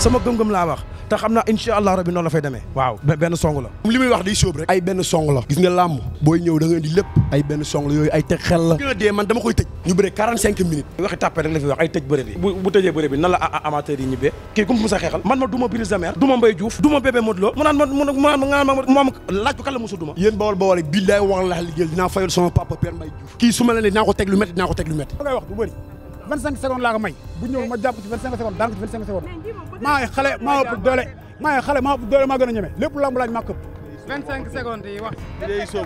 sama gëm-gëm laa wax te xam naa incha allah rabi noonu la fay demee waaw benn song la li muy wax di sóob rek ay benn song la gis nga làmm booy ñëw da nga lépp ay benn song la yooyu ay teg xel la gën a dee man dama koy tëj ñu bëre 45 minutes waxi tàppee rek la fi wax ay tëj bëre bi bu tëjee bëre bi nan la amateur yi ñibbee kii ku mu sa xeexal man ma duma Brise de Mer duma Mbaye Diouf duma bébé Modou Lo ma mu naan ma moom ko kan la mosu duma yéen bawal bawal rek billaay wax la liggéey vingt cinq secondes laa ko may bu ñëw ma jàpp ci vingt cinq secondes daan ko ci vingt cinq secondes maa ngi xale maa ëpp doole maa ngi xale maa ëpp doole maa gën a ñeme lépp lamb laaj maa këpp 25 secondes yi wax. léegi Sow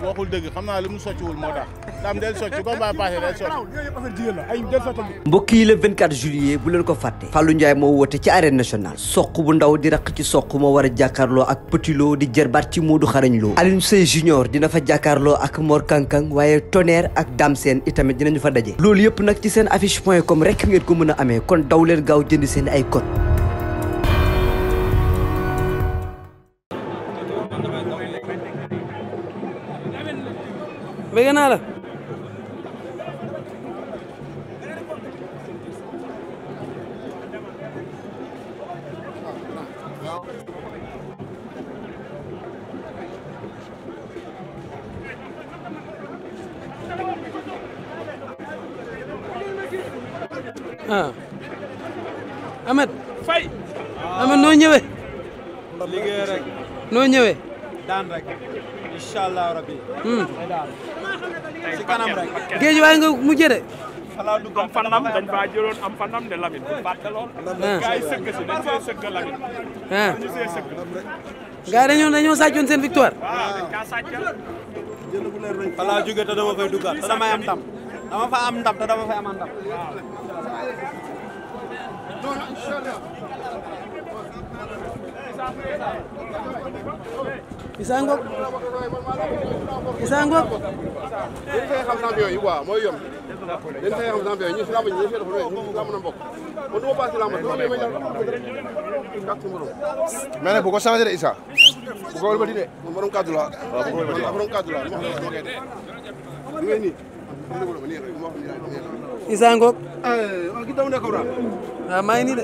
mu socciwul moo tax daam del socc combat passé del socc. mbokk yi bu leen ko fàtte. Fallou Ndiaye moo woote ci arène national soq bu ndaw di raq ci soq moo war a jàkkaarloo ak Petit di di jërbaat ci Modou Xarañ Lo. Alioune Seye junior dina fa jàkkaarloo ak moor kankan waaye Tonnerre ak Dame Sène itamit dinañu fa daje. loolu yëpp nag ci seen affice point com rek ngeen ko mën a amee kon daw leen gaaw jënd seen ay code. bëgg naa la. ah Ahmed. noo ñëwee. noo ñëwee. daan allah rabi. si hmm. kanam rek. géej waaye nga mujjee de. falaa dugg am fanam dañ faa jëloon am fanam de Lamine bu fàtte lool. gars yi sëgg ah. victoire. Ah, falaa jóge te dama fay duggaat te damay am ndam dama fa fay am ndam. Ah. Issa Ngop Issa Ngop dañ fay xam champion yi quoi mooy yomb dañ fay xam champion yi ñu si làmb ñu fi dafa ñu làmb na mbokk man du ma passé làmb dama may ñal carte morom mais nag bu ko changé de Issa bu ko wëlbati de morom kaddu la waaw bu ko wëlbati morom kaddu la wax ngay ni Issa Ngop ah gi daw ne ko ra maa ngi nii de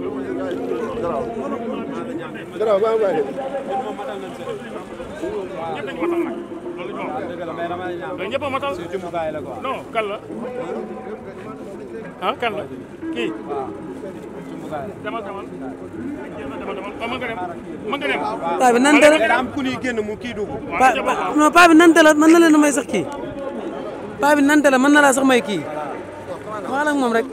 garaaw waaw waaw ñëpp a matal non kan la ah kan la kii demal demal paa bi nan dala am ku ñuy génn mu kii dugg non paa bi nan na may sax kii paa bi nan dala mën na laa sax may kii waxal ak moom rek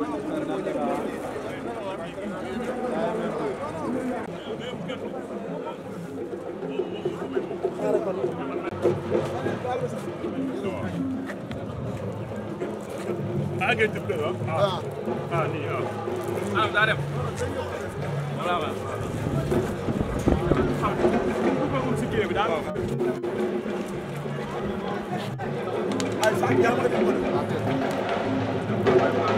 I get to play, huh? Ah, ah, nee, ah. Ah, daa dem. voilà waaw. xam nga ku si kii bi daal. ay sax jàmm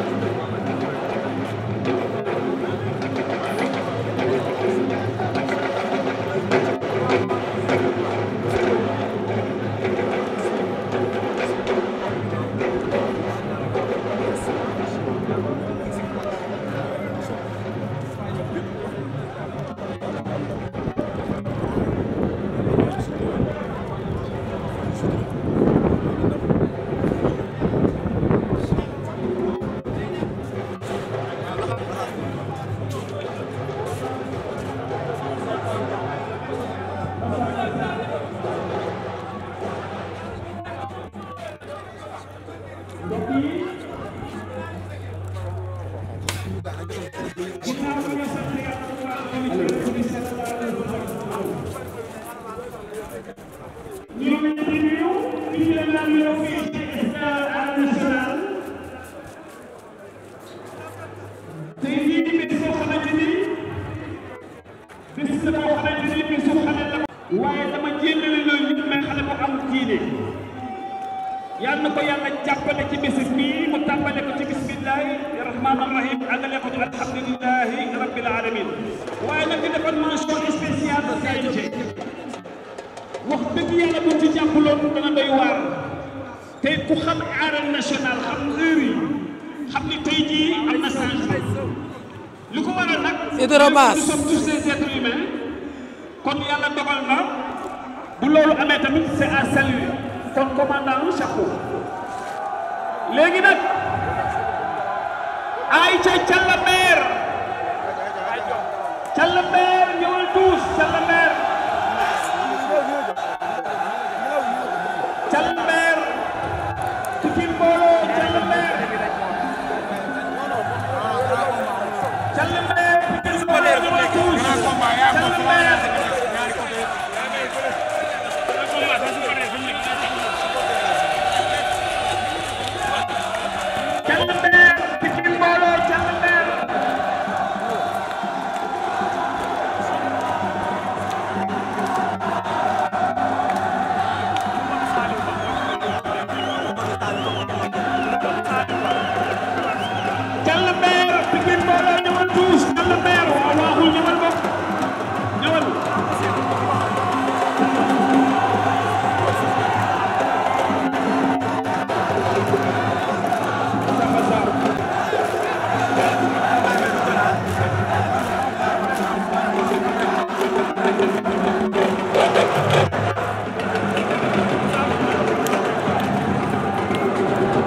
Bye. yàlla na ko yàlla jàppale ci bisis bi mu tàmbale ko ci bismillahi rahmaani rahim àggale ko ci alhamdulilahi rabbil alamin waaye nag di wax dëgg yàlla bu ci waar te ku xam arène nationale xam heure yi xam ni tey jii am ko waral nag. hydrobase nous sommes tous des êtres humains comme commandant ay ca càllameer càllameer ñëwal tous càllameer càllameer tuuti mbooloo càllameer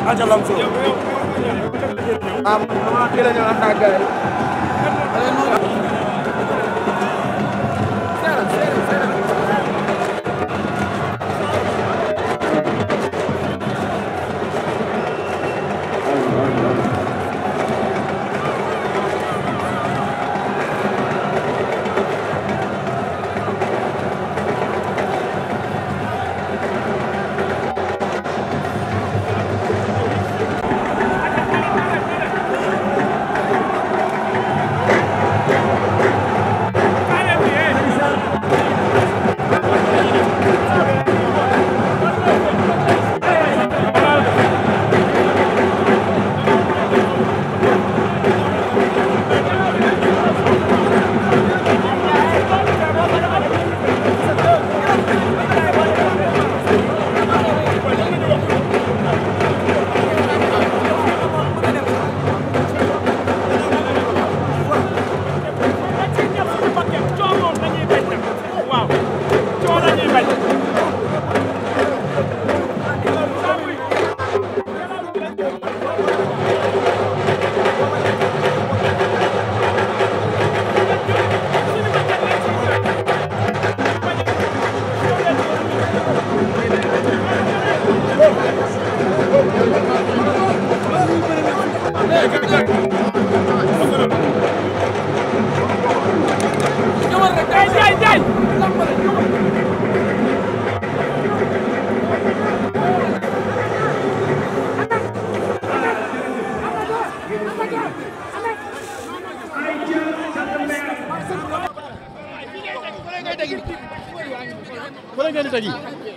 Aca Lamso.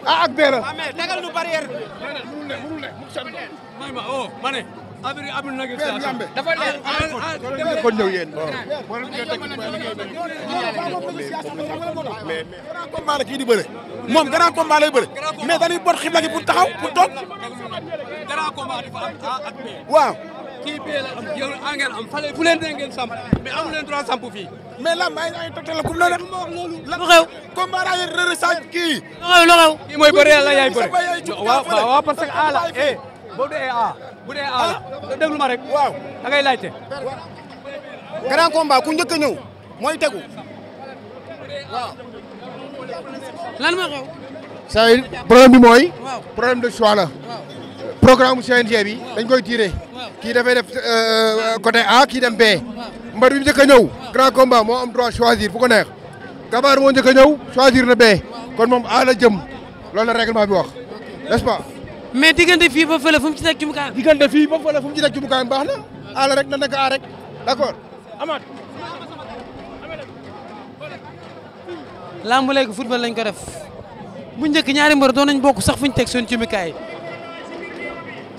ah ak beera. waaw mais tegal nu barrière bi. mënul ne mënul ne. may ma oh abiri amul nag dafa leer kon ñëw yéen mais grand combat la kii di bëre moom grand combat lay bëre mais dañuy bot xibla gi pour taxaw pour toog grand combat dafa am A ak B waaw kii B la am yow ngeen am fale fu leen dee ngeen samp mais amu leen droit samp fii mais la may ay togtal la kum la def lu xew combat la yéen rërë sa kii lu xew lu xew kii mooy bëre la yaay bëre waaw waaw parce que A la eh boo dee A bu dee A la ah. ku njëkk a ñëw mooy tegu waaw. lan moo problème bi mooy. problème de choix la. programme CNG bi dañ koy tiré kii dafay def euh, euh, côté A kii dem B mbar bi njëkk a ñëw grand combat moo am droit choisir fu ko neex gabaar moo njëkk a ñëw choisir na be kon moom A la jëm loolu la règlement bi wax nest mais diggante fii ba fële fu mu ci teg jumukaayam. diggante fii ba fële fu mu ci teg jumukaayam baax na. aala rek na nekk a rek d' amaat. lamb léegi football lañ ko def bu njëkk ñaari mbër doon nañ bokk sax fu ñu teg seen jumukaay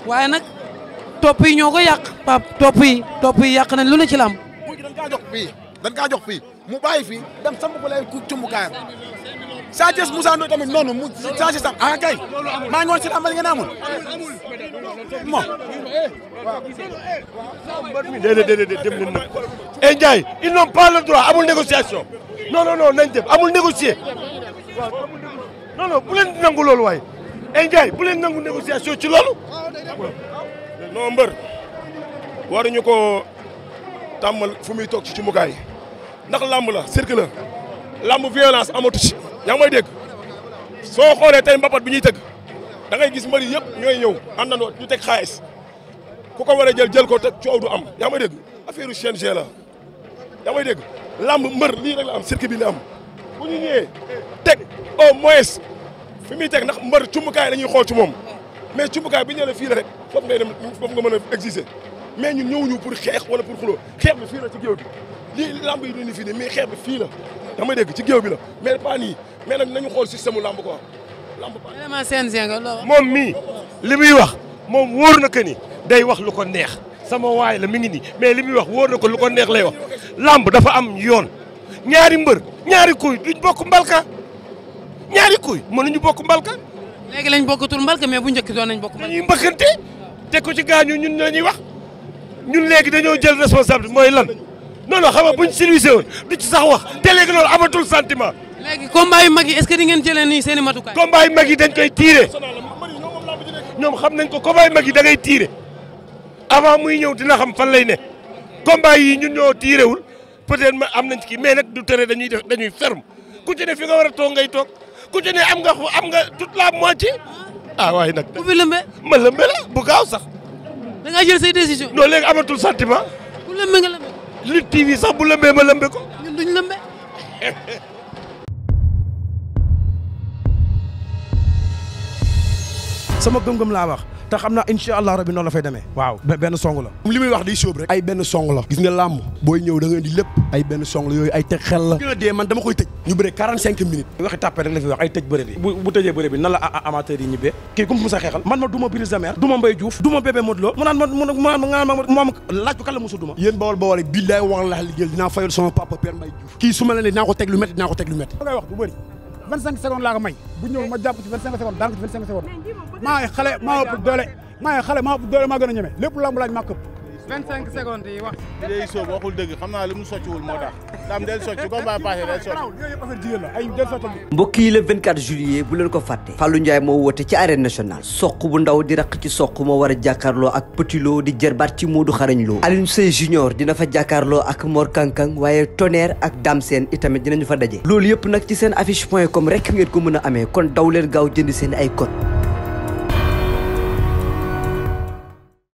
waaye nag topp yi ñoo ko yàq pap topp yi topp yi yàq nañ lu ne ci lamb. dañ kaa jox fii dañ kaa jox fii mu bàyyi fii dem samp ko leen ku jumukaayam Sa Thiès Moussa Ndoye tamit noonu mu Sa Thiès tam ah maa ngi si làmb ji nga ne amul moom. déedéet déedéet dem nañ nag. et eh, Ndiaye ils n'ont pas le droit amul négociation non non non nañ dem amul négocier waaw non non bu leen nangu loolu waaye eh, et bu leen nangu négociation ci loolu. non mbër fu muy toog ci ci mukaay ndax làmb la cirque la làmb amatu yaa ngi may dégg soo xoolee tey mbapat bi ñuy tëgg da ngay gis mbëri yëpp ñooy ñëw àndandoo ñu teg xaalis ku ko war a jël jël ko te coow du am yaa ngi may dégg affaire CNG la yaa ngi may dégg lamb mbër lii rek la am circuit bi la am bu ñu ñëwee teg au moins fi muy teg ndax mbër cumbukaay a ñuy xool ci moom mais cumbukaay bi ñëw ne la fii rek foofu ngay dem foofu nga mën a exister mais ñun ñëwuñu pour xeex wala pour xuloo xeex bi fii la ci géew bi lii lamb yi du ni fii nii mais xeex fii la damay dégg ci géew bi la mais pas nii mais nag nañu xool système mu ko quoi lamb pas. vraiment CNG nga lool. moom mii li muy wax moom wóor na que ni day wax lu ko neex sama waay la mi ngi nii mais li muy wax wóor na ko lu ko neex lay wax làmb dafa am yoon ñaari mbër ñaari kuy duñ bokk mbalka ñaari kuy mënuñu bokk mbalka. léegi lañ bokkatul mbalka mais bu njëkk doon nañ bokk mbalka. dañuy mbëkkante te ko ci gaañu ñun la ñuy wax ñun léegi dañoo jël responsabilité mooy lan. non non xam nga buñ civilisé woon du ci sax wax te léegi loolu amatul sentiment. léegi combat yu mag yi est-ce que ngeen jëlee nii seen i matukaay. combat yu mag yi dañ koy tiire ñoom xam nañ ko combat yu mag yi da ngay tiire avant muy ñëw dina xam fan lay ne combat yi ñun ñoo tiire wul peut-être ma am nañ ci kii mais nag du tere dañuy def dañuy ferme ku ci ne fi nga war a toog ngay toog ku ci ne am nga am nga toute la moitié ah waaye nag. bu fi lëmbee ma lëmbee la bu gaaw sax. da ngaa jël say décision. non léegi amatul sentiment. ku Lutte TV sax bu lëmbee ma lëmbe ko. ñun duñ lëmbe. sama gëm-gëm laa wax. te xam naa incha allah rabi noonu la fay demee waaw benn song la li muy wax di sóob rek ay benn song la gis nga làmb booy ñëw da nga di lépp ay benn song la yooyu ay teg xel la gën a dee man dama koy tëj ñu bëre 45 minutes waxi tàppee rek la fi wax ay la amateur yi ma duma Brise de Mer duma Mbaye Diouf duma Bébé Modou Lo mu naan ma nga moom laaj ko la musu duma yéen bawal bawal billaay dinaa fayal sama papa Père dinaa ko teg lu métti dinaa ko teg lu métti wax du bëri vingt cinq secondes laa ko may bu ñëw ma jàpp ci vingt cinq secondes daan ko ci vingt cinq secondes maa xale maa ëpp doole maa xale maa ëpp doole maa gën a ñeme lépp lamb laaj maa këpp 25 secondes yi wax. mu socciwul moo tax daam del socci mbokk yi le 24 juillet bu leen ko fàtte. Fallou Ndiaye moo woote ci arène nationale. soq bu ndaw di raq ci soq moo war a jàkkaarloo ak Petit di di jërbaat ci Modou Xarañ Lo. Alioune Seye junior dina fa jàkkaarloo ak moor Kankang waaye Tonnerre ak Dame Sène itamit dinañu fa daje. loolu yëpp nag ci seen affice point comme rek ngeen ko mën a ame kon daw leen gaaw jënd seen ay code.